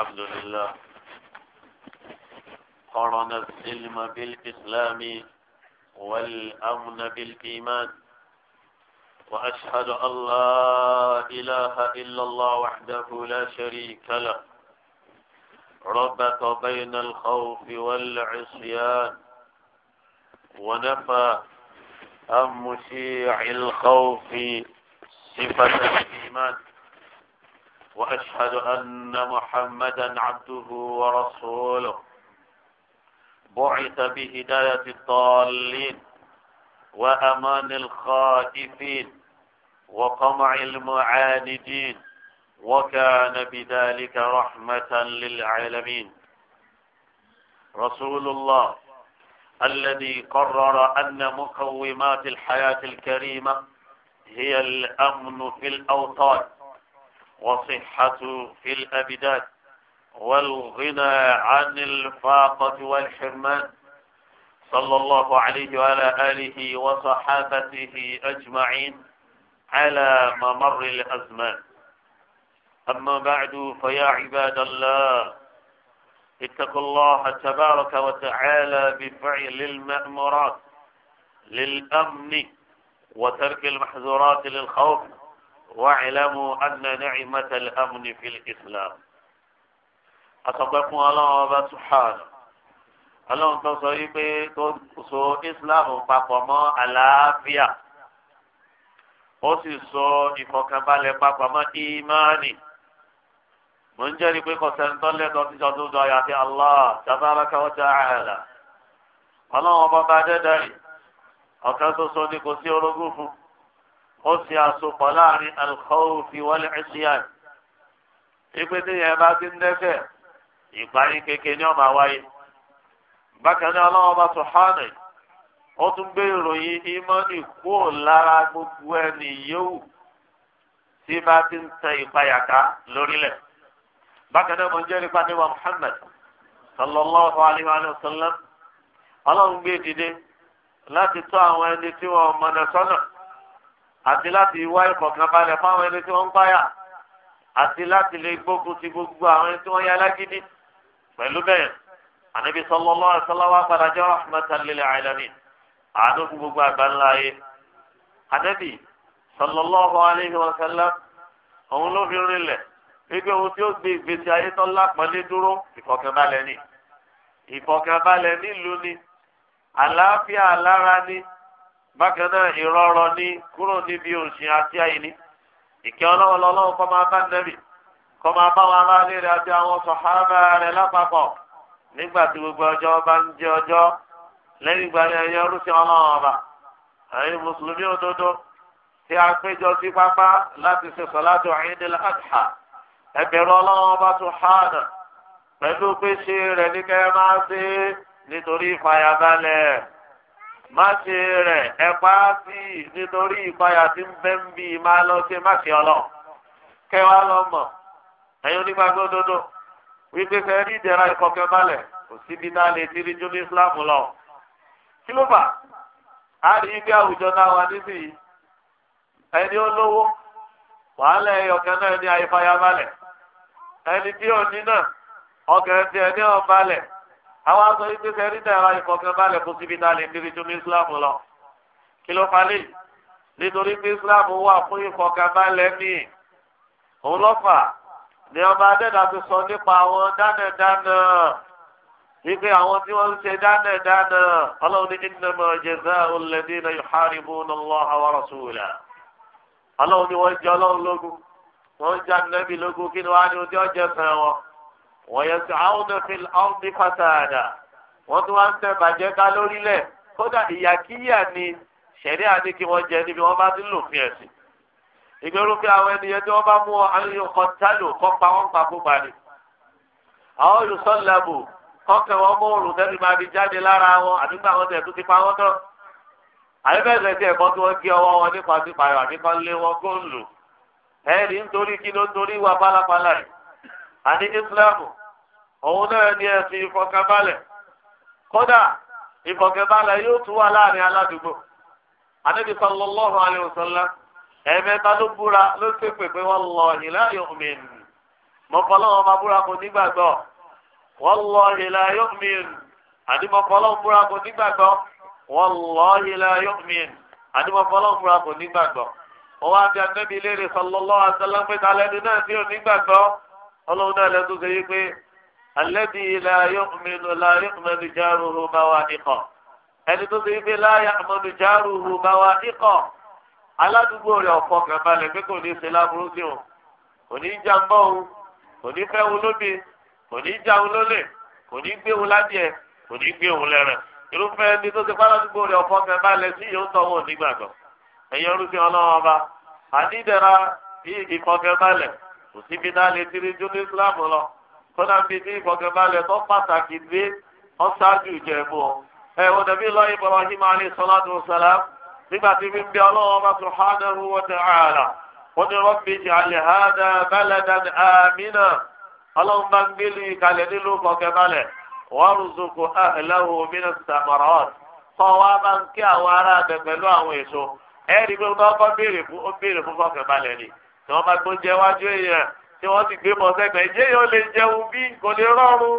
الحمد لله قرن السلم بالإسلام والأمن بالإيمان وأشهد أن لا إله إلا الله وحده لا شريك له ربط بين الخوف والعصيان ونفى عن مشيع الخوف صفة الإيمان وأشهد أن محمدا عبده ورسوله بعث بهداية الضالين وأمان الخائفين وقمع المعاندين وكان بذلك رحمة للعالمين رسول الله الذي قرر أن مقومات الحياة الكريمة هي الأمن في الأوطان وصحة في الأبدان والغنى عن الفاقة والحرمان صلى الله عليه وعلى آله وصحابته أجمعين على ممر الأزمان أما بعد فيا عباد الله اتقوا الله تبارك وتعالى بفعل المأمورات للأمن وترك المحظورات للخوف واعلموا أن نعمة الأمن في الإسلام أصدقوا الله سبحانه ọlọ́run tó sọ yìí pé tó so islam papọ̀ mọ́ àlàáfíà ó sì so ìfọ̀kànbalẹ̀ papọ̀ mọ́ ìmánì mo ń jẹ́rìí pé kò sẹ́ńtọ́ lẹ́tọ́ tí sọ tó sọ àyàfi allah tabaraka wa ta'ala ọlọ́run ọba bá dẹ́dẹ́rì ọ̀kan ṣoṣo ni kò sí orogún fún un. ó sì àsopọ̀ láàrin alkhawfi fi isyan ìpè tí yẹn bá ti ń dẹ́ṣẹ̀ ìparí kékeré ní ọmọ àwáyé bákan náà ọlọ́wọ́ bá tún hánà ó tún gbé ìròyìn ìmọ̀nì kúrò lára gbogbo ẹni tí bá ti ń tẹ ìpayà lórílẹ̀ bákan náà mo ń jẹ́rìí pàdé wa Muhammad sallallahu alayhi wa sallam ọlọ́run gbé dìde láti tọ́ àwọn ẹni tí wọ́n àti láti wá ìkọ̀kan balẹ̀ fáwọn ẹni tí wọ́n ń báyà àti láti lè gbógun ti gbogbo àwọn ẹni tí wọ́n yá lágídí pẹ̀lú bẹ́ẹ̀ ànábi sallallahu alaihi wasallam padà jẹ́ rahmatan lil alamin àánú fún gbogbo àgbáńlá yé ànábi sallallahu alaihi wasallam òun ló fi rinlẹ̀ wípé ohun tí ó gbé ìgbésí ayé tó lápọ̀lé dúró ìfọ̀kànbalẹ̀ ni ìfọ̀kànbalẹ̀ nílùú ni àlàáfíà lára ni bákan náà ìrọ̀rọ̀ ní kúrò níbi òsìn àti àìní ìkẹ́ ọlọ́wọ́ lọ́wọ́ kọ́ máa bá nẹ́bì kọ́ máa bá wọn aráalé rẹ̀ àti àwọn sọ̀hábà rẹ̀ lápapọ̀ nígbà tí gbogbo ọjọ́ bá ń jẹ ọjọ́ lẹ́yìn ìgbà yẹn yẹn rúṣin ọlọ́wọ́ ọba ẹ̀yin mùsùlùmí òdodo tí a péjọ sí pápá láti ṣe sọ̀látò Eidil Adha ẹ̀bẹ̀rù ọlọ́wọ́ ọba subhana má ṣe rẹ̀ ẹ pa á sí nítorí ìpayà tí ń bẹ́ i máa lọ ṣe má ṣe kẹwàá lọ mọ ẹ̀yin onígbàgbọ́ wípé rí kò náà lè ti rí lọ. kí ló fà á rí ibi àwùjọ náà wà nísìnyí ẹni wàhálà náà àìfàyà ẹni tí ò ní náà àwọn aṣọ yìí pèsè ẹ̀rí tẹ̀ra ìkọ̀kẹ́ balẹ̀ kó síbi tá a lè kiri ju ní islam lọ kí ló fa lè nítorí pé islam wà fún ìkọ̀kẹ́ balẹ̀ ní òun lọ́fà ni ọba adẹ́dà ti sọ nípa àwọn dánẹ̀dánà wípé àwọn tí wọ́n ń ṣe dánẹ̀dánà ọlọ́run ní innama jaza'u alladhina yuharibuna Allaha wa rasulahu ọlọ́run ni wọ́n jẹ́ ọlọ́run lógún wọ́n jẹ́ ànábì lógún kí ni wọ́n á ní ojú ọjọ́ sàn wọn wọ́n yẹ sọ àwọn ọ̀dọ́fin ọ̀dí fàtàdà wọ́n tún wá ń tẹ bàjẹ́ ká lórílẹ̀ kódà ìyàkíyà ni ṣẹ̀rí àti kí wọ́n jẹ níbi wọ́n bá ti lò fi ẹ̀sìn. ìgbérúfẹ́ àwọn ènìyàn tí wọ́n bá mú ọyàn kan tálò wọ́n pa kó parí. àwọn olùsọ̀lẹ̀bù kọ́kẹ́ wọn mú òrùn tẹ́lẹ̀ máa fi jáde lára wọn àdúgbò àwọn tẹ̀ tó ti pa wọ́n tán. àyẹ̀bẹ̀rẹ̀ tí ẹ̀kọ́ tí wọ́n gé àní ìsìláàmù òun náà ni ẹ̀sìn ìfọ̀kànbalẹ̀ kódà ìfọ̀kànbalẹ̀ yóò tún wà láàrin aládùúgbò ànábi sallallahu alayhi wa ló búra ló ṣe pèpè wallahi la yu'min mọ̀fọ́lọ́wọ́ máa búra kò la búra kò búra kò wá bí náà ọlọ́run náà lẹ́nu tó ṣe yí pé alẹ́bí ilẹ̀ ayọ́kùnmínú láyọ́kùnmínú járuhu báwa ikọ̀ ẹni tó ṣe yí pé láyọ́kùnmínú járuhu báwa ikọ̀ aládùúgbò rẹ̀ ọ̀pọ̀ kan balẹ̀ pé kò ní ṣe láburú sí òun kò ní já ń bọ́ òun kò ní fẹ́ òun lóbi kò ní já òun lólè kò ní gbé òun ládìẹ kò ní gbé òun lẹ́rẹ̀ irúfẹ́ ẹni tó ṣe aládùúgbò rẹ̀ ọ̀pọ̀ kan balẹ̀ sí yóò tọ́ wọn nígbàgbọ́ ẹ̀yin ọdún sí ọlọ́wọ́ ọba àdídẹ̀ra ìfọ̀kẹ́ balẹ̀ kò síbi náà lè ti rí ju ní islam lọ kódà bíi tí ìfọ̀gẹ̀balẹ̀ tó pàtàkì dé wọ́n ṣáájú ìjẹ̀bù ọ. ẹ wọ́n dàbí lọ́ọ́ Ibrahim alayhi salatu wa salam nígbà tí fi ń bẹ ọlọ́wọ́ bá subhanahu wa ta'ala wọ́n ní rabbi ij'al hadha baladan amina ọlọ́run bá ń gbélé ìkàlẹ̀ nílùú ìfọ̀gẹ̀balẹ̀ warzuq ahlahu mina samarat tí wọ́n bá tó jẹ wájú èèyàn tí wọ́n sì gbé bọ́ sẹ́gbẹ̀ ẹ̀jẹ̀ yóò lè jẹun bí kò lè rọrùn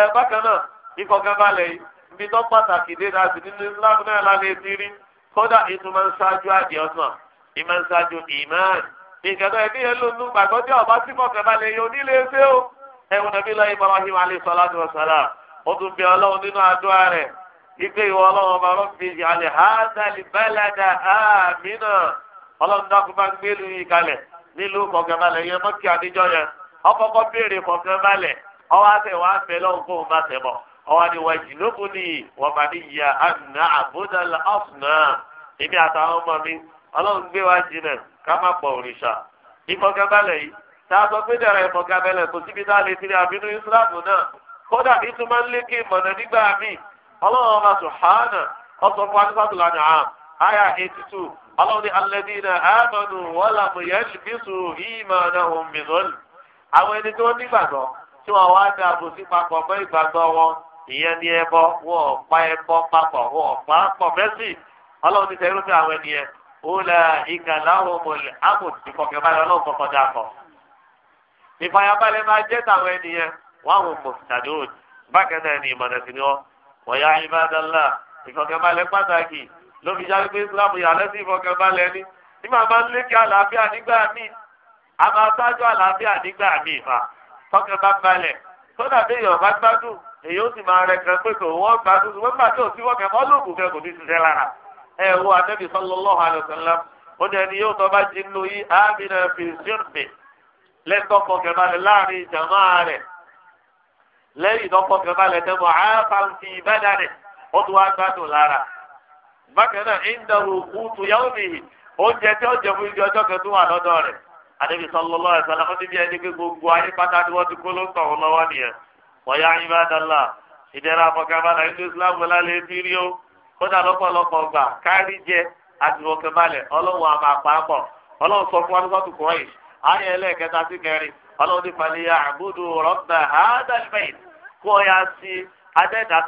ẹ bákan náà ìkọ̀kẹ́ balẹ̀ yìí ibi tó pàtàkì dé náà sì nínú Islam náà lálẹ́ ti rí kódà ètò máa ń ṣáájú àdìẹ ọ̀sán ìmọ̀ ń ṣáájú ìmán ìkàtà ẹ̀dí yẹn ló ń gbàgbọ́ tí ọba tí kọ̀kẹ́ balẹ̀ yìí onílé ṣé o ẹ̀wọ̀n nàbí lọ́yìn Ibrahim alayhi salatu wa salam ó tún bí ọlọ́run nínú àdúrà rẹ̀ ìgbé ìwọ ọlọ́run ọba rọ́bì alẹ́ hádàlì bẹ́lẹ́dà áàmì náà ọlọ́run dákú bá gbé lu yìí kalẹ̀ nílùú kọ̀kẹ́balẹ̀ yẹn mọ́kì àdíjọ́ yẹn ọkọ̀kọ́ béèrè kọ̀kẹ́balẹ̀ ọwọ́ àtẹ wàá fẹ́ lọ́hùn kó o má tẹ̀ bọ̀ ọwọ́ ni wà jìnnàbù ni wà má ní ìyá àná àbúdàlà èmi àtàwọn ọmọ mi ọlọ́run gbé wa jìnnà ká má pọ̀ òrìṣà ìkọ̀kẹ́balẹ̀ yìí tá a sọ pé dẹ̀rẹ̀ kò síbi tá a lè ọlọ́run ní alẹ́dínà àmọ́nù wọ́lá mọ̀yẹ́lìmísù ìmọ̀ọ́nà òmìnirọ́lì àwọn ẹni tó nígbàgbọ́ tí wọ́n wá dá àbòsí papọ̀ mọ́ ìgbàgbọ́ wọn ìyẹn ní ẹbọ wọn ò pa ẹbọ papọ̀ wọn ò pa pọ̀ mẹ́sì ọlọ́run ní sẹ́yìn lókè àwọn ẹni yẹn ó la ìkàlà òmòlè àbòsí kọ̀kẹ́ báyọ̀ ọlọ́run kọ̀kọ̀ dà pọ̀ ìfàyàbalẹ̀ máa jẹ́ tàwọn ẹni yẹn wọ́n lórí ìjà wípé islam ìyàlẹ́ sí ìfọkànbalẹ̀ ni nígbà máa ń lékè àlàáfíà nígbà míì a máa ṣáájú àlàáfíà nígbà míì fa tọkàn bá balẹ̀ sódà bí èèyàn bá gbádùn èèyàn ó sì máa rẹ kan pé kò wọ́n gbádùn ṣùgbọ́n nígbà tí ò sí fọkàn mọ́ lóògùn fẹ́ kò ní ṣiṣẹ́ lára ẹ wo ànábì sallallahu alaihi wasallam ó ní ẹni yóò tọ́ jí nínú yí ámìnà fi ṣírùmì lẹ́tọ́ fọkàn balẹ̀ láàrin jàmáà rẹ̀ lẹ́yìn bákan náà ìdáwó kútu yàwó mi oúnjẹ tí ọjọ́ fún ibi ọjọ́ kan tó wà lọ́dọ̀ rẹ̀ àdébí sọlọlọ ẹsẹ aláwọ níbi ẹni pé gbogbo ayé pátá tí wọ́n ti kó ló ń tọ̀hún lọ́wọ́ nìyẹn wọ́n yá ayé bá dọ́là ìdẹ́rẹ́ àfọkànbalẹ̀ nínú islam lálẹ́ ti rí o kódà lọ́pọ̀lọpọ̀ gbà kárí jẹ àtìwọ̀kànbalẹ̀ ọlọ́run àmà àpapọ̀ ọlọ́run sọ fún alúgbàtú kùrọ̀yì ayé ẹlẹ́ẹ̀kẹta sí kẹrin ọlọ́run ní falẹ̀ yà àbúdù rọ́bà hádàlbẹ̀yìn kó o yà sí adẹ́dàá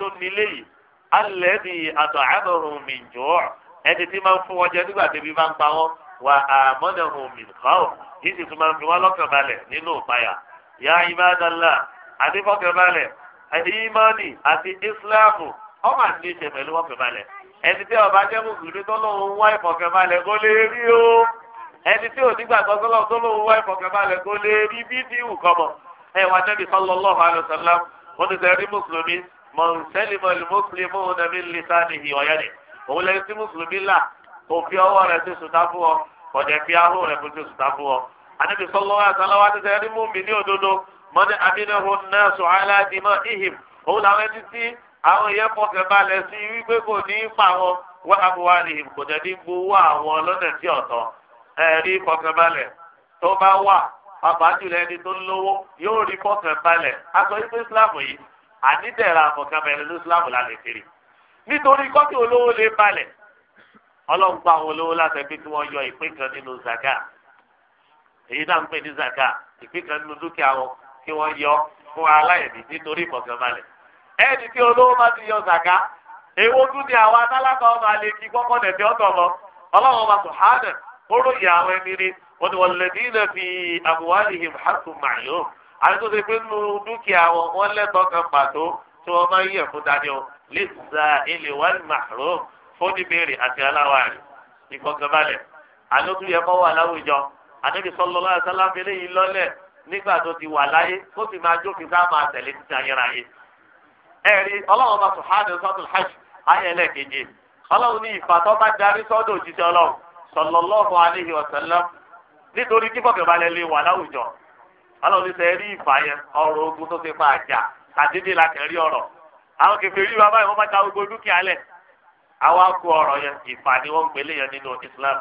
alẹ́bí àtọ̀hámọ̀hún mi jọ ẹni tí máa ń fún wọn jẹ nígbà tí ebi máa ń pa wọn wà àmọ́nàhún mi kọ́ yìí sì tún máa ń fi wọn lọ́kàn balẹ̀ nínú ìpayà yá ìmánàlá àti fọkànbalẹ̀ ìmánì àti ìsìláàmù ọmọ àti ìṣẹ̀ pẹ̀lú fọkànbalẹ̀ ẹni tí ọba jẹ́ mùsùlùmí tó lóun wá ìfọkànbalẹ̀ kó lè rí o ẹni tí onígbàgbọ́ tó tó lóun wá ìfọkànbalẹ̀ kó lè rí bí mọ̀nsẹ́lìmọ̀ lùmọ́sílẹ̀mọ́ nàmí lìsá nìyí ọ̀yẹ́dẹ̀ òun lẹ́yìn tí mùsùlùmí là kò fi ọwọ́ rẹ̀ ti sùtá fún ọ kọ̀dẹ̀ fi ahọ́ rẹ̀ kò ti sùtá fún ọ. àdébí sọlọ àtàlọ́wọ́ àti sẹ́yìn mú mi ní òdodo mọ́ni amínahùn náà sọ aláàdìmọ̀ ihim òun làwọn ẹni tí àwọn èèyàn fọkàn balẹ̀ sí wípé kò ní í pa wọn wá abúwá nìyí kò dẹ̀ ní gbowó àwọn lọ́nà tí ọ̀tọ̀ ẹ̀rí fọkàn balẹ̀ tó bá wà pàpàjùlẹ̀ ẹni tó lówó yóò rí fọkàn balẹ̀ aṣọ ìgbésílámù yìí ànídẹ̀ra àmọ̀kàmẹ́rin ní islam lálẹ́ kiri nítorí kọ́kì olówó lè balẹ̀ ọlọ́run gba àwọn olówó láti ẹbí tí wọ́n yọ ìpín kan nínú zaka èyí náà ń pè ní zaka ìpín kan nínú dúkìá wọn kí wọ́n yọ fún aláìní nítorí ìmọ̀kànbalẹ̀ ẹni tí olówó bá ti yọ zaka èwo tún ni àwọn atálákà ọmọ alẹ́ kí kọ́kọ́ tẹ̀sí ọ̀tọ̀ mọ́ ọlọ́run ọba sùhánà ó ròyìn àwọn ẹni ni wọ́n ti wọ́n àwọn tó ṣe pé nu dúkìá wọn wọn lẹ́tọ̀ọ́ kan pàtó tí wọ́n máa ń yẹ̀ fún dání o lè sa ilé wọn màró fóníbèrè àti aláwárí ìfọkànbalẹ̀ àló tún yẹ kọ́ wà láwùjọ àdébí sọlọ́lá sálábẹ́lẹ́ yìí lọ́lẹ̀ nígbà tó ti wà láyé kó sì máa jókòó ká máa tẹ̀lé títí ayérayé. ẹ̀rí ọlọ́run bá sùhánù sọ́dún hajj ayẹlẹ̀ keje ọlọ́run ní ìfàtọ́ bá darí sọ́dún òjijì ọlọ́run sọlọ́lọ́hùn aléhi ọ̀sẹ̀lẹ́m nítorí kí lè wà láwùjọ alọ́ọ̀ni sẹ́ rí ìfà yẹn ọ̀rọ̀ ogun tó ti fa àjà àdédé la kẹ́rí ọ̀rọ̀ àwọn kẹfẹ́ rí bàbá yẹn wọ́n bá ta gbogbo dúkìá lẹ̀ àwa kú ọ̀rọ̀ yẹn ìfà ni wọ́n gbélé yẹn nínú Islam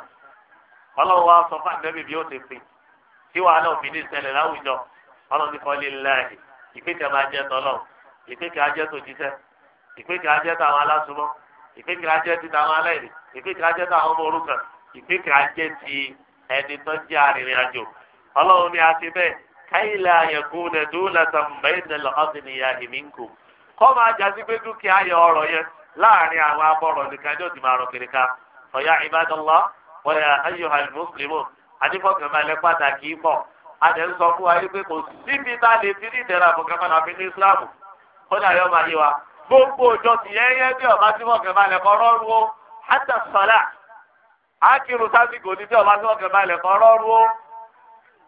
ọlọ́run wa sọ fún àgbẹ̀bí bí ó ti pè tí wàhálà òfin ní ìṣẹ̀lẹ̀ láwùjọ ọlọ́run kọ́ lé láàyè ìpèkè máa jẹ́ tọ́lọ́ ìpèkè ajẹ́ tó jíṣẹ́ ìpèkè ajẹ́ tó àwọn alásùmọ́ ìpèkè ajẹ́ ti tàwọn aláìní ìpèkè ajẹ́ tó àwọn ọmọ òrukàn ìpèkè ajẹ́ káyìlá ayẹ̀kúnlẹ̀ dúlẹ̀tàn bẹ́ẹ̀nẹ̀lẹ̀ ọ̀dìnìyà ìmínkù kọ́ máa jásí pé dúkìá yẹ ọ̀rọ̀ yẹn láàrin àwọn abọ́rọ̀ nìkan ní òdìmọ̀ àrò kiri ká ọ̀yá ìbádọ́lá ọ̀yà ayọ̀hà mùsùlùmù adífọ̀kànbalẹ̀ pàtàkì pọ̀ a ń sọ fún wa kò síbi tá a lè ti ní ìdẹ̀ra àbùkànbalẹ̀ àfi ní islam kódà yọ máa yé wa gbogbo òjò ti bí ọba tí kọ́ o hátà sọ̀lá sásìkò ní ọba tí kọ́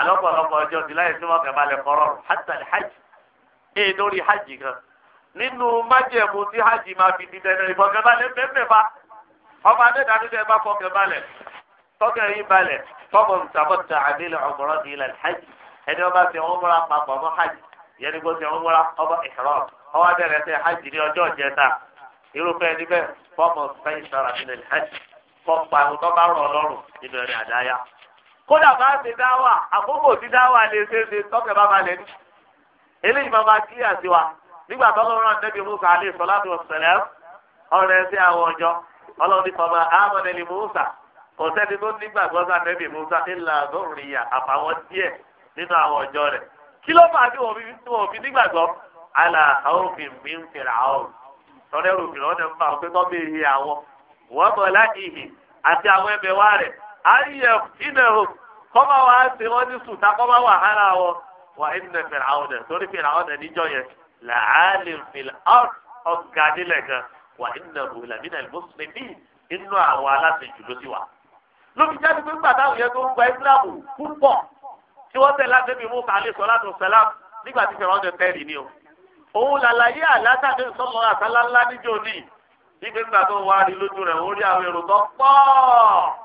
alọ́pọ̀lọpọ̀ ọjọ́ ti láyé tí wọ́n kẹ́ balẹ̀ kọ́rọ́ hàtà hajj ee lórí hajj kan nínú májẹ̀mú tí hajj máa fi di dandan ìfọ̀kẹ́ balẹ̀ bẹ́ẹ̀ bá ọba adédàdúdẹ bá fọkẹ́ balẹ̀ tọ́kẹ́ yín balẹ̀ fọ́mọ̀ ntàbọ̀tà àdéhùn ọ̀gbọ̀rọ̀ ní ilẹ̀ hajj ẹni ọba ti wọn múra papọ̀ mọ́ hajj yẹni gbọ́ ti wọn múra ọba ìhrọ́m ọba bẹ̀rẹ̀ sẹ́ hajj ní ọjọ́ ìjẹta irúfẹ́ ẹni bẹ́ẹ̀ fọ́mọ̀ ntàbọ̀tà àdéhùn hajj fọ́pàá kódà bá ṣe dáwà àkókò tí dáwà lè ṣe ṣe tọ́kẹ̀ bá balẹ̀ ní. eléyìí máa máa kíyà sí wa nígbà tó lọ́rọ̀ nẹ́bí musa alẹ́ sọ́láàtù ọ̀sẹ̀lẹ̀ ọ̀rẹ́ sí àwọn ọjọ́ ọlọ́ọ̀ni fọmọ amọ̀nẹ́lì musa kò sẹ́ni tó nígbàgbọ́ sá nẹ́bí musa ńlá lóríyà àfàwọn díẹ̀ nínú àwọn ọjọ́ rẹ̀ kí ló fà á bí wọ́n fi nígbàgbọ́ àlà àwòfin mi ń fèrè àwọn tọ́lẹ́rù fìlọ́ọ̀dẹ̀ ń bá wọn pé ayé ìnáwó kọ́má wa ṣe wọ́n ní sùtá kọ́má wà hánà wọ wà ìnà fìràwọn dẹ torí fìràwọn dẹ níjọ yẹn làálì fìlà ọ̀gá nílẹ̀ gan wà ìnà bùhìlà mí inú àwọn aláṣejù ló ti wà. lóbi jáde pé nígbà táwọn tó ń gba ìsìláàmù púpọ̀ tí wọ́n tẹ̀lé àdébí mú kàlẹ́ sọ láti sẹ́lám nígbà tí fẹ̀rẹ̀ ọ̀dẹ tẹ́rì ni o. òun làlàyé àlátàdé sọ́mọ àtàlá ńlá ní ìgbé nígbà rí lójú rẹ̀ ó rí àwọn èrò tó pọ̀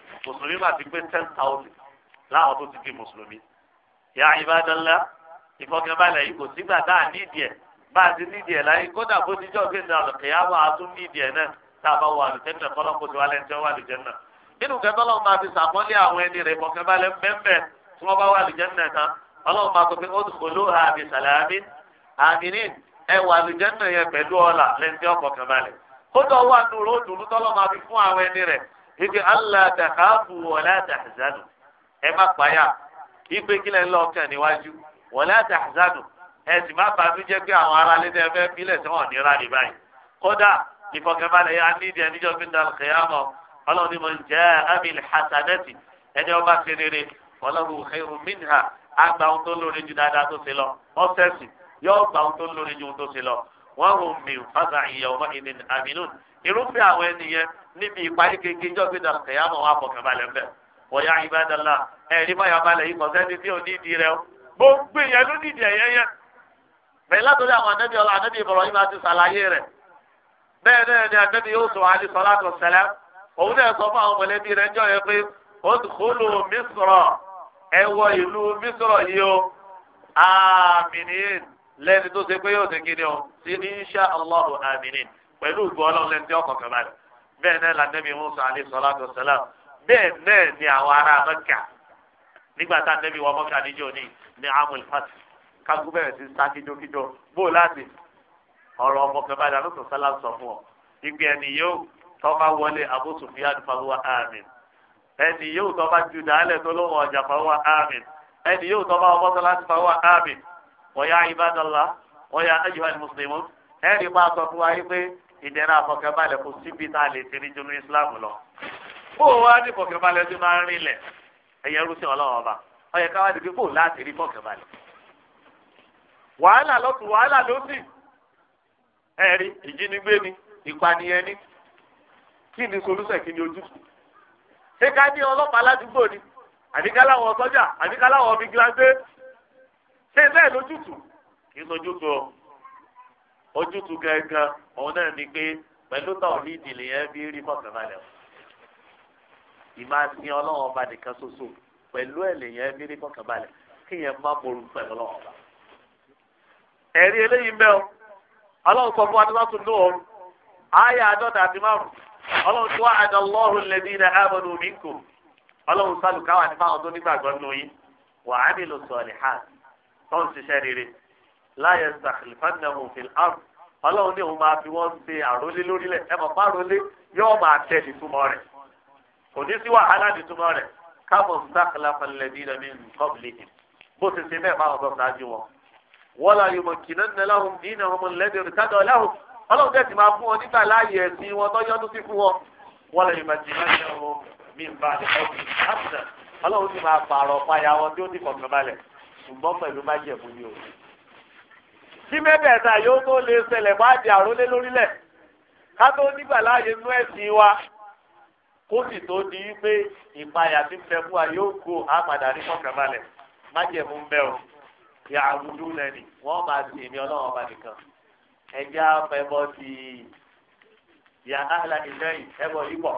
mùsùlùmí máa ti pé ten thousand láwọn tó ti di mùsùlùmí. ya ìbádọ́lá ìfọkànbalẹ̀ yìí kò sígbà tá a nídìí ẹ̀ bá a ti nídìí ẹ̀ láyé kódà bó ti jọ́ gbèsè àlùkìyàwó a tún nídìí ẹ̀ náà tá a bá wà lùjẹ́nà kọ́lọ́ kó ti wà lẹ́ńtẹ́ wà lùjẹ́nà. nínú kẹtọ́lọ́ máa fi sàmọ́lé àwọn ẹni rẹ̀ ìfọkànbalẹ̀ mẹ́mẹ́ tí wọ́n bá wà lùjẹ́nà kan ọlọ́run máa sọ pé ó ibi allah tahabu wala tahzanu ẹ má payà ipe kílẹ̀ lọ́ọ̀kan níwájú wala tahzanu ẹ sì má bàbí jẹ́ pé àwọn aráalé náà fẹ́ bílẹ̀ tí wọ́n nira ní báyìí kódà ìfọ̀kànbalẹ̀ yà ní ìdí ẹnìjọ́ fi dàn kẹ́yàmọ̀ ọlọ́run mo ń jẹ́ amil hasanati ẹni ọba ṣe rere ọlọ́run khairu minha àgbà ohun tó lóore ju dáadáa tó ṣe lọ ọ́sẹ̀sì yóò gbà ohun tó lóore ju tó ṣe lọ wọ́n rò mí fásitì ìyàwó ìnìyàn àmínú irúfẹ́ àwọn ẹni níbi ìparí kékeré jọ́gbé náà kẹ̀yàmọ̀ wà fọkànbalẹ̀ mbẹ́ wọ̀nyá ìbádàlá ẹ̀rí báyà balẹ̀ yìí kọ̀sẹ́ni tí ò ní ìdí rẹ o gbogbo ìyẹn ló ní ìdí ẹ̀yẹ yẹn bẹ́ẹ̀ látọ̀dọ̀ àwọn anábì ọlọ́ anábì Ibrahim máa ti ṣàlàyé rẹ̀ bẹ́ẹ̀ náà ni anábì yóò sọ alẹ́ sọlá tó ṣẹlẹ̀ òun náà sọ fún àwọn mọ̀lẹ́bí rẹ̀ jọ yẹn pé ó pẹ̀lú ìgbọ́ ọlọ́run lẹ́ni tí ọkọ̀ kẹ̀ báyìí bẹ́ẹ̀ náà la nẹ́bí musa alẹ́ sọlá tó sẹlẹ̀ bẹ́ẹ̀ náà ni àwọn ará mẹ́kà nígbà tá nẹ́bí wọ mẹ́kà níjọ ní ní amúl fati kágú bẹ̀rẹ̀ sí sá kíjokíjo bó láti ọ̀rọ̀ ọmọkẹ́bàdà ló tó sẹlẹ̀ sọ fún ọ ìgbẹ́ ẹni yóò tọ́ba wọlé Abu Sufyan fáwọn àmín ẹni yóò tọ́ba ju dàálẹ̀ tó ló ọjà fáwọn àmín ẹni yóò tọ́ba ọmọ sọlá fáwọn àmín wọ́n yá ibadallah wọ́n yá ayyuhal muslimun ẹni máa sọ fún wa yí pé ìdẹ́rẹ́ àfọkẹ́balẹ̀ kò síbi tá a lè ti rí junu islam lọ. bó o wá ní fọkẹ́balẹ̀ tó máa ń rinlẹ̀ ẹ̀yẹ rúṣin ọlọ́run ọba ọyẹ ká wá di pé bó o láti rí fọkẹ́balẹ̀. wàhálà lọ́tún wàhálà lọ́sì ẹ̀rí ìjínigbé ni ìpànìyàn ni kí ni solúsẹ̀ kí ni ojútùú. ṣé ká ní ọlọ́pàá ládùúgbò ni àbíká láwọn sọ́jà àbíká láwọn fìgìláńdé ṣé bẹ́ẹ̀ lójútùú kì í sojútùú ojútùú gẹ́gẹ́ òun náà ni pé pẹ̀lú tàwọn nídìí yẹn bí rí o sin ọba nìkan ṣoṣo pẹ̀lú bí rí fọkànbalẹ̀ kí yẹn má ború pẹ̀lú ọba. ẹ̀rí eléyìí o ọlọ́run sọ fún wa ní wọ́n tún ní òru àyà àádọ́ta àti márùn ọlọ́run tí wọ́n àjọ lọ́ọ̀rùn lẹ́bí ní omi kò ọlọ́run sálùkáwà tó láyé ń sàkìlìfánà òfin àrùn ọlọ́run ní òun máa fi wọ́n ṣe àrólé lórílẹ̀ ẹ mọ̀ bá rólé yóò máa tẹ̀ ìtumọ̀ rẹ̀ kò ní sí wàhálà ìtumọ̀ rẹ̀ káàbọ̀ sàkìlàfà lẹ́bí lẹ́bí kọ́bìlì bó ti ṣe bẹ́ẹ̀ báwọn bọ́ọ̀ ṣáájú wọn. wọ́n la yóò mọ̀ kìnnà ní ẹlẹ́hùn bí iná ọmọ lẹ́dẹ̀ rìkádọ̀ ẹlẹ́hùn ọlọ́run tẹ̀sí máa fún wọn nígbà láàyè ẹ̀sìn wọn tó yọ́nú sí fún wọn. wọ́n la yóò mọ̀ kìnnà ní ẹlẹ́hùn mí ń bá ọlọ́run ti máa pààrọ̀ payà wọn tí ó ti kọ̀ọ̀kan balẹ̀ ṣùgbọ́n pẹ̀lú má jẹ̀ fún mi o kí mẹ́tẹ̀ẹ̀ta yóò tó lè ṣẹlẹ̀ bá di àrólé lórílẹ̀ ká tó nígbà láàyè nú ẹ̀sìn wa kó sì tó di wípé ìpayà ti fẹ́ fún wa yóò go àpàdà ní kọ̀kànbalẹ̀ májẹ̀mú ń bẹ́ o ìyá àwùjọ lẹ́nu wọ́n máa ti èmi ọlọ́run ọba nìkan ẹja fẹ́bọ ti ìyá àhàlà ìlẹ́yìn ẹbọ yìí pọ̀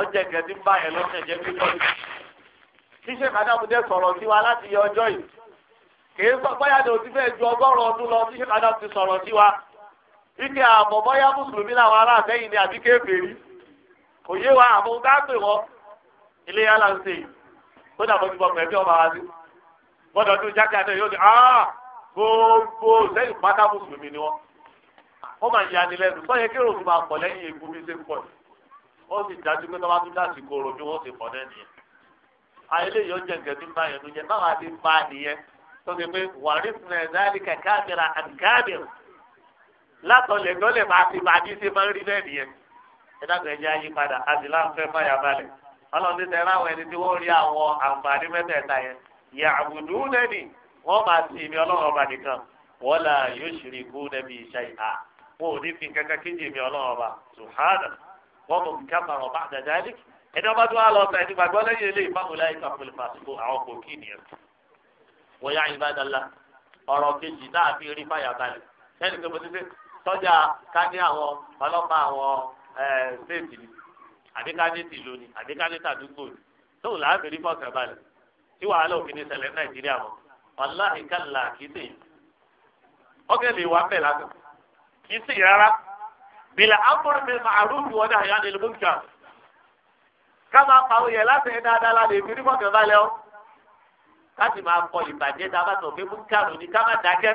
ọjà ìgbẹ́sí báyẹn lọ́sẹ̀ jẹ́ pípọ́ yìí. ṣíṣe kàdámù kìí sọ bóyá ni òtí fẹ́ ju ọgọ́rùn ọdún lọ sí ṣẹ́kadà ti sọ̀rọ̀ sí wa ike àmọ́ bóyá mùsùlùmí làwọn ará àtẹ́yìn ni àbí kéferì kò yé wa àmọ́ ká pè wọ́n ilé yàrá ń sè kó dàbọ̀ ti bọ̀ pẹ̀lú ọmọ wa sí gbọ́dọ̀ tó jákè àná yóò di ah gbogbo lẹ́yìn pátá mùsùlùmí ni wọ́n wọ́n máa ya ni lẹ́nu sọ yẹ kí ròdù máa pọ̀ lẹ́yìn egbò bí ṣe ń pọ̀ ó sì dájú pé tọ́wá tún dásìkò rò bí wọ́n ṣe pọ̀ náà nìyẹn àìlè yóò jẹ nǹkan tí ń bá yẹn nu jẹ báwa ti bá nìyẹn tó ti pé wàrísùn ẹ̀dáàlì kàkàbìrà àgàbìrà látọ̀lẹ̀ lọ́lẹ̀ máa fi máa bí ṣe máa ń rí bẹ́ẹ̀ nìyẹn ìdájọ́ ẹ̀jẹ̀ àyípadà àti láǹfẹ́ fàyà balẹ̀ ọlọ́run ti tẹ̀lé àwọn ẹni tí wọ́n rí àwọn àǹfààní mẹ́tẹ̀ẹ̀ta yẹn yà àbùdù nẹ́ni wọ́n máa ti ìmí ọlọ́run ọba nìkan wọ́n là yóò ṣèlè kú nẹ́bi iṣẹ́ ìhà wọn ò ní fi kankan kéjì ìmí ọlọ́run ọba sùhánà wọ́n mọ̀ kí kámàrọ̀ bá dàdálì ẹni ọba tó wà lọ́ọ̀tà ẹni gbàgbọ́ lẹ́yìn ilé ìfáwọn láyé kàfọ́lẹ́fà wọ̀nyá ìbádàlá ọ̀rọ̀ kejì náà fi rí fàyà balẹ̀ sẹ́ni pé mo ti fẹ́ sọ́jà ká ní àwọn ọlọ́pàá àwọn ṣéètì ni àbí ká ní tìlú ni àbí ká ní tàdúgbò ni tóun làá fi rí fọ̀kàn balẹ̀ tí wàhálà òfin ní ṣẹlẹ̀ nàìjíríà mọ́ wàláhì kàlà kìí sè é ọ̀kẹ́ lè wá bẹ̀ lásán kìí sè é rárá bìlà àmúrùmí màrúfù wọn náà yá ni lóun kà ká máa pàwọn yẹn láti ẹ̀ dáadáa lálẹ́ ìfìrí láti máa kọ ìbàjẹ́ tá a bá sọ pé múkàrún ni ká má dákẹ́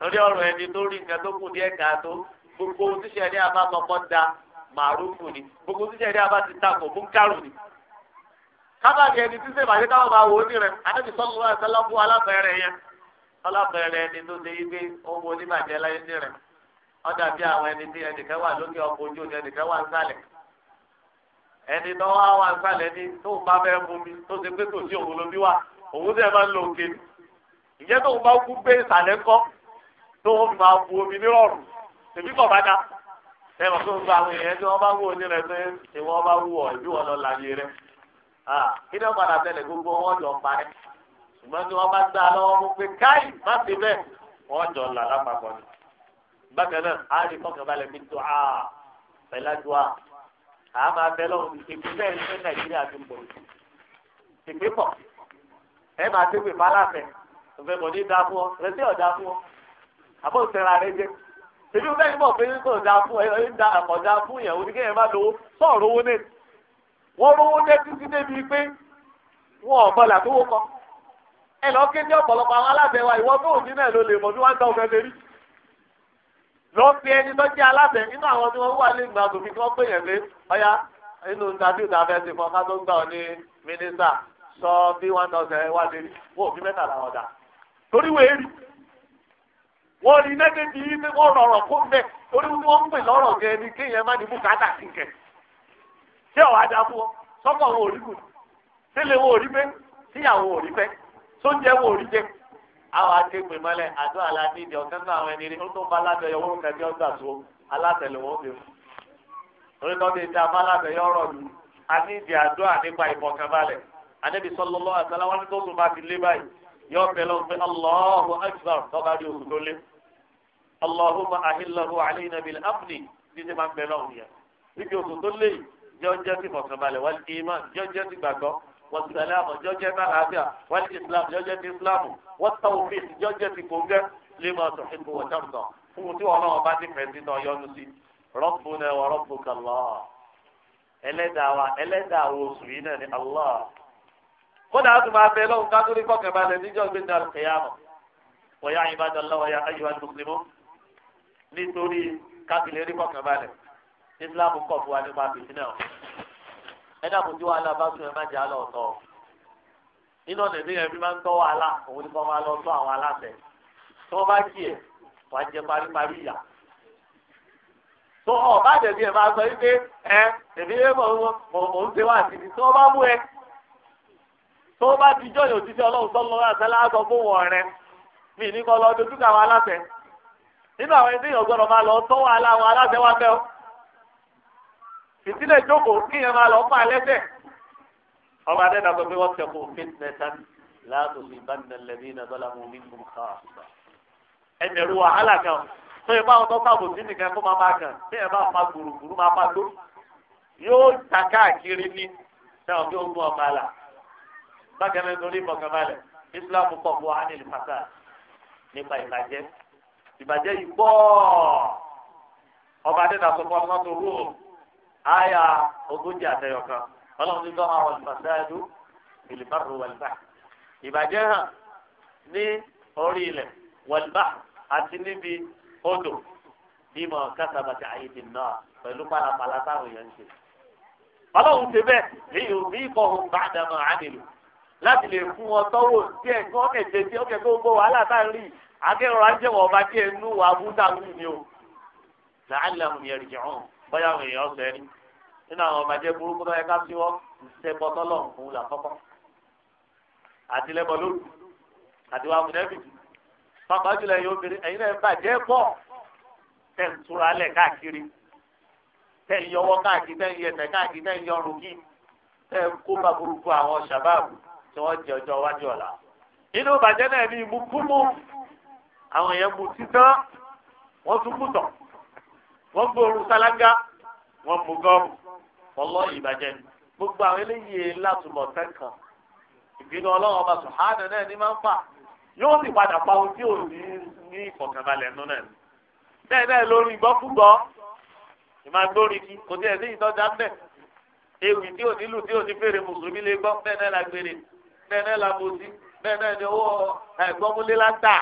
lórí ọ̀rọ̀ ẹni tó rí nǹkan tó kù díẹ̀ ká tó gbogbo ohun tíṣẹ́ ní abá kọ́kọ́ da màrúfù ni gbogbo ohun tíṣẹ́ ní abá ti takò múkàrún ni. kábàámi ẹni tí sèbàjẹ́ káwọn máa wò ó ní rẹ̀ àdébí sọ́kùn wá ẹ̀sẹ̀ lọ́kùn aláfẹ́rẹ́ yẹn aláfẹ́rẹ́ ẹni tó ṣe yí pé owó oníbàjẹ́ láyé ní rẹ̀ ọ̀dà ẹni tó wá wá sálẹ̀ ní tó ń bá bẹ́ẹ̀ mú mi tó ṣe pé tòsí òun ló bí wá òun tẹ̀ máa ń lo òkè ni ìjẹ́ tó ń bá kú gbé ìsàlẹ̀ kọ́ tó ń máa bu omi nírọ̀rùn tèmi kọ̀ bá dá ẹ mọ̀ tó ń gba àwọn èèyàn tí wọ́n bá wú oní rẹ pé tí wọ́n bá wú ọ ìbí wọn lọ láyé rẹ kí ni wọ́n padà tẹ̀lẹ̀ gbogbo wọn jọ parẹ́ ṣùgbọ́n tí wọ́n bá gbá lọ́wọ́ mú pé káì má ti bẹ́ẹ̀ wọ́n jọ là lápapọ̀ ni bákan náà á rí kọ́kànbalẹ̀ mi tó a pẹ̀lá tó a àá máa bẹ lọ́wọ́ ìpè bẹ́ẹ̀ ní nàìjíríà ti ń bọ̀ ìpè pọ̀ ẹ máa tẹ́wé fáláfẹ́ òfin kò ní da fún ọ rẹ sí ọ̀dà fún ọ àbọ̀ òsèrà rẹ jẹ èmi ò fẹ́ẹ́ mọ̀ pé kò da fún ẹ da àkọ́dá fún yẹn òní kéèyàn má lówó sọ̀rọ̀ owó náà wọ́n rówó náà títí débi pé wọn ò bọ̀là tó wó kọ ẹ lọ kéde ọ̀pọ̀lọpọ̀ àwọn alábẹ̀wá ìwọ́n tó òní náà ló lè mọ̀ bí wọ́n ń tọ́ ọ̀fẹ́ lọ fi ẹni tó jẹ́ aláṣẹ nínú àwọn tí wọ́n wà ní ìgbà pè yẹn lé nínú tá a fẹ́ ti fọ́ tó ń gbà ọ ní mínísà sọ bí wọ́n tọ́ sẹ́ wá lé wọ́n òfin mẹ́ta làwọn dà torí wọ́n èrì wọ́n rí nẹ́gẹ́dì yìí pé kó torí ń pè ni kéèyàn má ní bùkátà sí ṣé àwọn akéèpé mọ́lẹ̀ àdó àlàní ìdí ọ̀kan náà àwọn ẹni rí ó tó ń bá alábẹ̀yọ wọn kẹbí ọgbà tó alátẹ̀lẹ̀ wọn fi fún torí náà bíi ti abá alábẹ̀yọ ọ̀rọ̀ lu àní ìdí àdó ànípa ìfọ̀kànbalẹ̀ ànábì sallallahu alaihi wasallam tó tún bá ti lé báyìí yọ bẹ̀rẹ̀ pé Allahu akbar tọ́ba di oṣù tó lé Allahumma ahillahu alayna bil amni ní ti máa ń bẹ̀rẹ̀ ọ̀hún yẹn والسلام جوجة العافية والإسلام جوجة الإسلام والتوفيق جوجة كونجة لما تحب وترضى فوتي والله بعد فهمتنا يا نسي ربنا وربك الله ẹlẹ́dàá ẹlẹ́dàá oṣù yìí náà ni allah kódà á tún máa bẹ lọ́hùn ká tó rí kọ́kẹ́ balẹ̀ níjọ́ gbé dàrú kẹ́yàmọ̀ wọ̀nyá ìbàdàn allah wọ̀nyá ayọ̀ àdùnkùnmọ́ nítorí kábìlì rí kọ́kẹ́ balẹ̀ islam kọ̀ fún wa nípa bìtì náà ẹ dàpọ̀ tí wàhálà bá sùn ẹ má jẹ́ àlọ́ ọ̀tọ̀ nínú ọ̀nà ìbílẹ̀ bí máa ń tọ́ wàhálà òun ni wọ́n máa lọ tọ́ àwọn aláṣẹ tí bá kí ẹ̀ wà jẹ paríparí ìyà tó ọ̀ bá dẹ̀ ẹ máa sọ yí pé ẹ èmi yé mọ̀ mọ̀ ń ṣe wá sí ni tí bá mú ẹ tó bá ti jọyọ̀ òjíṣẹ́ ọlọ́run sọ́lọ́ àtẹ́lá sọ fún wọn rẹ mi ní kọ́ lọ dojú kà aláṣẹ nínú àwọn ẹni tí èèyàn máa lọ tọ́ wàhálà àwọn aláṣẹ wá fẹ́ o ìsílẹ̀ jókòó kí yẹn máa lọ fún alẹ́sẹ̀. ọba adẹ́dà sọ pé wọ́n ti kó fitnatan láàtò sí ìbánilẹ́bí iná tọ́lá mú mi kú ká ẹ̀mẹ̀rù wàhálà kan tó yẹ báwọn tó sábò sí nìkan kó máa máa kàn tí yẹn bá fa gbùrùgbùrù máa fa gbó yóò ta káàkiri ní sẹ́wọ̀n kí ó gún ọba là bákan náà torí ìmọ̀kànbalẹ̀ Islam pọ̀ fún wa ní ìfàsà nípa ìbàjẹ́ ìbàjẹ́ yìí pọ̀ ọba adẹ́dà sọ fún ọmọ tó rú òun àyà ogójì àtẹyọ kan ọlọ́run ti dọ́ àwọn olùfàṣáájú ìlúbàrò wàlúbà ìbàjẹ́ hàn ní orí ilẹ̀ wàlúbà àti níbi odò bímọ kásábàtì àyèdè náà pẹ̀lú pàlàpàlà táwọn èèyàn ń ṣe. ọlọ́run ti bẹ́ẹ̀ èyí ò ní ikọ̀ ọ̀hún bá àdàmọ̀ àdìlù láti lè fún wọn tọ́wọ́ díẹ̀ kí wọ́n kẹ̀jẹ̀ tí ó kẹ̀kẹ́ gbogbo wàhálà tá a rí akẹ́rọ̀ ajẹ́wọ̀ ọba díẹ̀ nú bóyá àwọn èèyàn sẹ́ni nínú àwọn ọmọdé burúkú náà ẹ̀ka tí wọ́n ṣe bọ́tọ́ lọ́hùn fún làkọ́kọ́ àti lẹ́bọ̀ lóru àti wàá múnẹ́bì pápá jùlọ ẹ̀yin obìnrin ẹ̀yin náà bàjẹ́ pọ̀ tẹ̀ ń túra lẹ̀ káàkiri tẹ̀ ń yọwọ́ káàkiri tẹ̀ ń yẹsẹ̀ káàkiri tẹ̀ ń yọrùn kí tẹ̀ ń kó bá burúkú àwọn sàbáàbù tí wọ́n jẹ ọjọ́ iwájú ọ̀la inú bàjẹ́ náà ní ìmú kúmú àwọn èèyàn mú títán wọ́n tún kú tán wọ́n gbóòórù sálángá wọ́n mú gọ́ọ̀mù ọlọ́ ìbàjẹ́ gbogbo àwọn eléyìí látùmọ̀ tẹ́kàn ìbínú ọlọ́run ọba sùhánù náà ní máa ń fà yóò sì padà pa ohun tí ò ní ní ìfọ̀kànbalẹ̀ nù náà bẹ́ẹ̀ bẹ́ẹ̀ lórí ìgbọ́kúgbọ́ ìmàgbórí kí kò tí ẹ̀ sí ìtọ́jà ń bẹ̀ ewì tí ò nílù tí ò ní fèrè mùsùlùmí lè gbọ́ bẹ́ẹ̀ náà la gbére bẹ́ẹ̀ náà la bòsí bẹ́ẹ̀ náà ni owó ẹ̀gbọ́múlé láńtà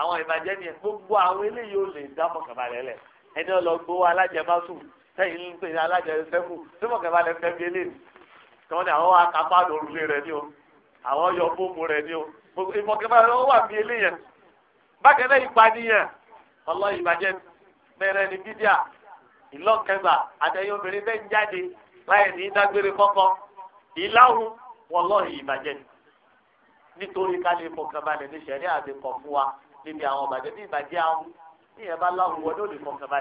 àwọn ìbàjẹ́ ni gbogbo àwọn eléyìí ò lè dá fọkànbalẹ̀ lẹ̀ ẹni ọlọgbó alájẹmásù sẹ́yìn ń pè ní alájẹsẹ́kù síbò kẹfà lẹ fẹ́ bíi eléyìí tí wọ́n ní àwọn wa ká páàdù òrùlé ni o àwọn yọ bóòmù rẹ̀ ni o ìmọ̀ kẹfà lọ wà bíi eléyìí yẹn bákan náà ìpaniyàn ọlọ́ ìbàjẹ́ bẹ̀rẹ̀ ní bídíà ìlọ́kẹgbà àtẹ̀yìn obìnrin bẹ́ẹ̀ ń jáde láì ní dágbére kọ́kọ́ ìláhùn wọlọ́ ìbàjẹ́ nítorí ká lè fọkànbalẹ̀ ní sẹ̀rí àbíkọ̀ fún wa níbi àwọn ìbàjẹ́ bí ìbàjẹ́ àwọn níyẹn bá láwùú wọn lè kọ́ kaba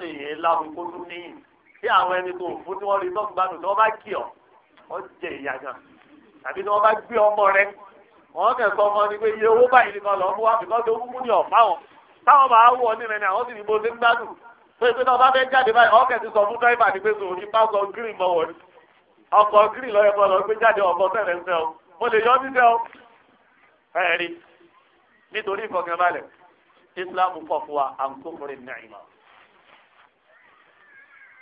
ni lè yẹ láwùú kó tún níyìn tí àwọn ẹni tó fún tí wọ́n rí tọ́kù gbádùn tí wọ́n bá kì ọ́ ọ́ jẹ ìyá gan tàbí tí wọ́n bá gbé ọmọ rẹ wọ́n kẹ̀kọ́ ọmọ ni pé iye owó báyìí nìkan lọ́ọ́ mú wá bìkọ́ tó kúkú ní ọ̀fá wọn táwọn bá wọ nílẹ̀ ni àwọn sì ní bó ṣe ń gbádùn pé pé náà bá fẹ́ jáde báyìí ọkẹ́ ti sọ fún dráìvà ni pé sòrò ní pásọ green mọ́ wọn ọkọ̀ green lọ́yẹ̀ lọ gbé jáde ọkọ̀ tẹ̀lé ń fẹ́ o mo lè yọ ọ́ níṣẹ́ o ẹ̀rí nítorí ìfọ̀kànbalẹ̀ islam kọ fún wa àǹkófòrè nàìjíríà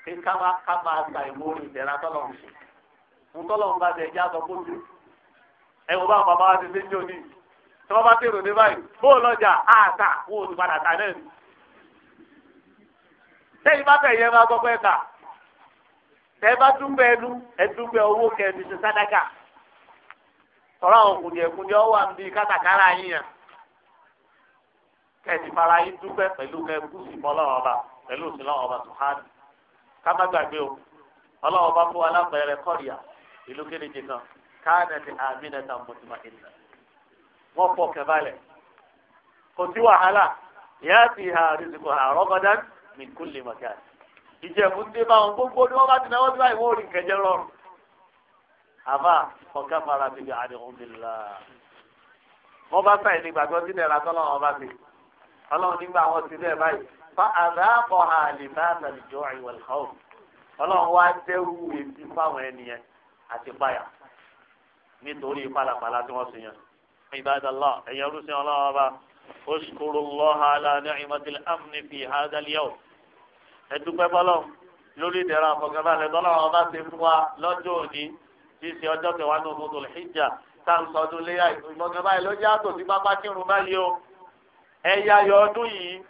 kí ká wá ká máa ta ìmúrin ìdẹ́ra tọ́lọ̀ ń sùn ń tọ́lọ̀ ń bá tẹ̀ ẹja sọ fún mi ẹ wo báwọn bàbá wa ti fi ń jó ní tí wọ́n bá ti rò ní báyìí bóò lọ́jà àtà wò ó ti padà tà náà ni sẹ́yìn bá tẹ̀ yẹ máa gbọ́ pé kà tẹ́ bá dúpẹ́ ẹnu ẹdúpẹ́ owó kẹ́ẹ̀ẹ́dì ṣe sádákà tọ́lá òkùnjẹ̀kùnjẹ̀ ọwọ́ àmì kátàkárà yíyan kẹ́ẹ̀tì mara yín dúpẹ́ pẹ̀lú kẹ́ẹ̀kú ìmọ̀ ọlọ́run ọba pẹ̀lú òsínlọ́ ọba sùhánì ká má gbàgbé o ọlọ́run ọba fún alápẹ̀rẹ̀ kọ́ríà ìlú kéréje kan káàdẹ̀tì àmínẹ́ta mọ̀tìmá ìlà wọ́n pọ̀ kẹ́balẹ̀ kò sí wàhálà ìyá ti ha rìsìkò àrọ́gọ́dá ní kúlì mọ̀kíà ìjẹ̀bù ti bá wọn gbogbo ni wọ́n bá ti náwó sí báyìí wọ́n ò rí kẹjẹ rọrùn àbá ọ̀gá fara bíbi àdéhùn bìlá wọ́n bá sáyẹn ní gbàgbọ́ sílẹ̀ látọ́lọ́wọ́n bá ọlọ́run nígbà wọn ti bẹ́ẹ̀ báyìí fa àdáàkọ̀ ha lè bá àtàlìjọ ìwà ìkọ́wọ̀ ọlọ́run wá dẹ́rù èsì fáwọn ènìyàn àti báyà nítorí pálapàla tí wọ́n sì yàn. ibadallah ẹ̀yẹ rúṣin ọlọ́run ọba oṣukurullaha ala ni'matil amni fi hadal yawm ẹ dúpẹ́ bọ́lọ́run lórí ìdẹ̀ra àfọ̀gẹ́bàlẹ̀ bọ́lọ́run ọba ti fún wa lọ́jọ́ òní tí í ṣe ọjọ́ kẹwàá ní oṣù tó táwọn sọdún léyà ìgbọ̀ngàn báyìí àtòsí pápá báyìí o ẹ̀yà ayọ̀ ọdún yìí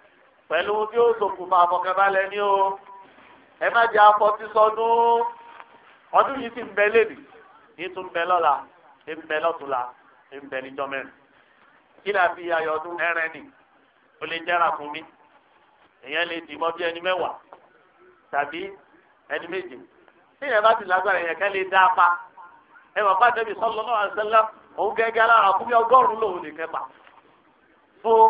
pẹ̀lú tí ó ṣokùnfà àfọkànbalẹ̀ ní o ẹ má jẹ́ afọtí sọdún ọdún yìí ti ń bẹ lẹ́nu yìí tún bẹ lọ́la ń bẹ lọ́tùla ń bẹ níjọ́ mẹ́rin kí la fi ayọ̀ ọdún ẹrẹ́ nì ó lè jẹ́ra fún mi èèyàn lè dìbọn bí ẹni mẹ́wàá tàbí ẹni méje tí èèyàn bá ti lágbára èèyàn kẹ́ lè dá a pa ẹ bàbá débi sọlọ náà àṣẹlá òun gẹ́gẹ́ alára fún bí ọgọ́rùn-ún lòun lè kẹ́ pa fún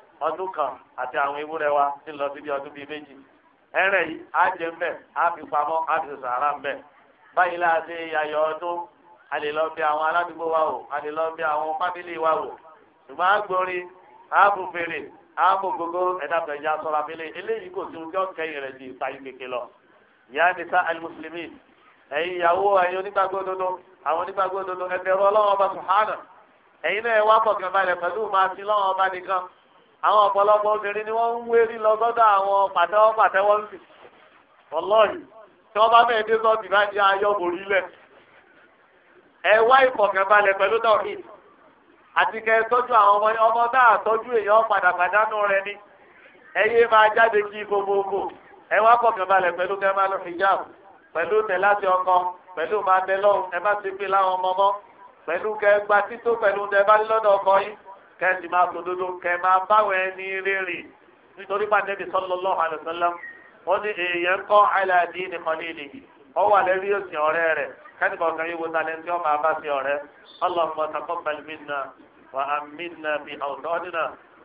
ọdún kan àti àwọn ewúrẹ́ wa ti lọ síbi ọdún bíi méjì ẹrẹ yìí á jẹ ń bẹ á fi pamọ́ á fi sàrà ń bẹ báyìí láà ṣe yàyọ ọdún a lè lọ bí àwọn aládùúgbò wa wò a lè lọ bí àwọn fámìlì wa wò ṣùgbọ́n á gborí á bù fèrè á bù gbogbo ẹ̀dá pẹ̀já sọ̀rọ̀ abẹ́lé eléyìí kò sí ohun tí ó kẹ́yìn rẹ̀ di ìpayín kékeré lọ. ìyá mi sá alimusulimi ẹ̀yin ìyàwó ẹ̀yin onígbàgbọ́ dodo àwọn onígbàgbọ́ dodo ẹ̀bẹ̀rù ọlọ́wọ́ ọba sùhánà ẹ̀yin náà wá pọ̀ kí àwọn ọ̀pọ̀lọpọ̀ obìnrin ni wọ́n ń wérí lọ sọ́dọ̀ àwọn pàtẹ́wọ́ pàtẹ́wọ́ ń sì ọlọ́ọ̀yì tí wọ́n bá fẹ́ẹ́ dé sọ́ọ̀tì bá di ayọ́ borí lẹ̀. ẹ wá ìfọ̀kànbalẹ̀ pẹ̀lú tọ̀hìn àti kẹ́ ẹ tọ́jú àwọn ọmọ ọmọ tá a tọ́jú èèyàn padà pàdánù rẹ ni ẹ yé máa jáde kí gbogbogbò ẹ wá fọ̀kànbalẹ̀ pẹ̀lú kẹ́ máa lọ hijab kẹ́sì máa tòdodo kẹ́ máa báwọn ẹni rírìn nítorí pàtẹ́bí sallallahu alaihi wasallam wọ́n ní èèyàn kọ́ àìláàdì nìkan ní ìlì yìí wọ́n wà lórí òsì ọ̀rẹ́ rẹ̀ kẹ́sì kọ̀ọ̀kan yìí wo talẹ́ntì ọmọ abáṣe ọ̀rẹ́ Allahumma taqabbal minna wa aminna bi awdadina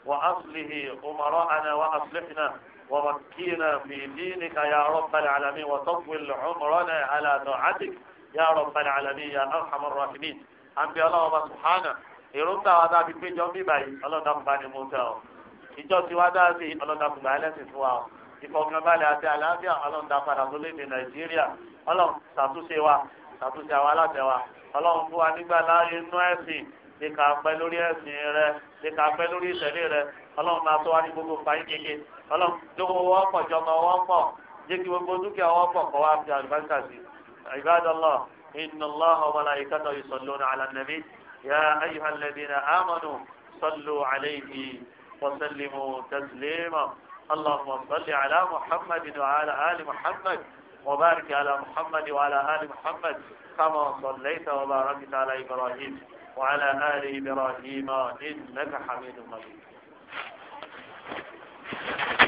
wa aslihi umara'ana wa aslihna wa makkina fi dinika ya rabbal alamin wa tawwil umrana ala ta'atik ya rabbal alamin ya arhamar rahimin àbí ọlọ́wọ́ bá subhanahu. èròǹgbà wa dábí péjọ ń bí báyìí ọlọ́dàkùnbá ni mo tẹ ọ ìjọ tí wá dáa sí ọlọ́dàkùnbá ẹlẹ́sìn fún wa ọ ìfọ̀kànbalẹ̀ àti àlàáfíà ọlọ́dàpadà tó lé ní nàìjíríà ọlọ́run ṣàtúnṣe wa ṣàtúnṣe aláṣẹ wa ọlọ́run fún wa nígbà láàyè inú ẹ̀sìn pẹ́ lórí ẹ̀sìn rẹ pẹ́ lórí rẹ máa tó ní gbogbo fàyín يا أيها الذين آمنوا صلوا عليه وسلموا تسليما اللهم صل على محمد وعلى آل محمد وبارك على محمد وعلى آل محمد كما صليت وباركت على إبراهيم وعلى آل إبراهيم إنك حميد مجيد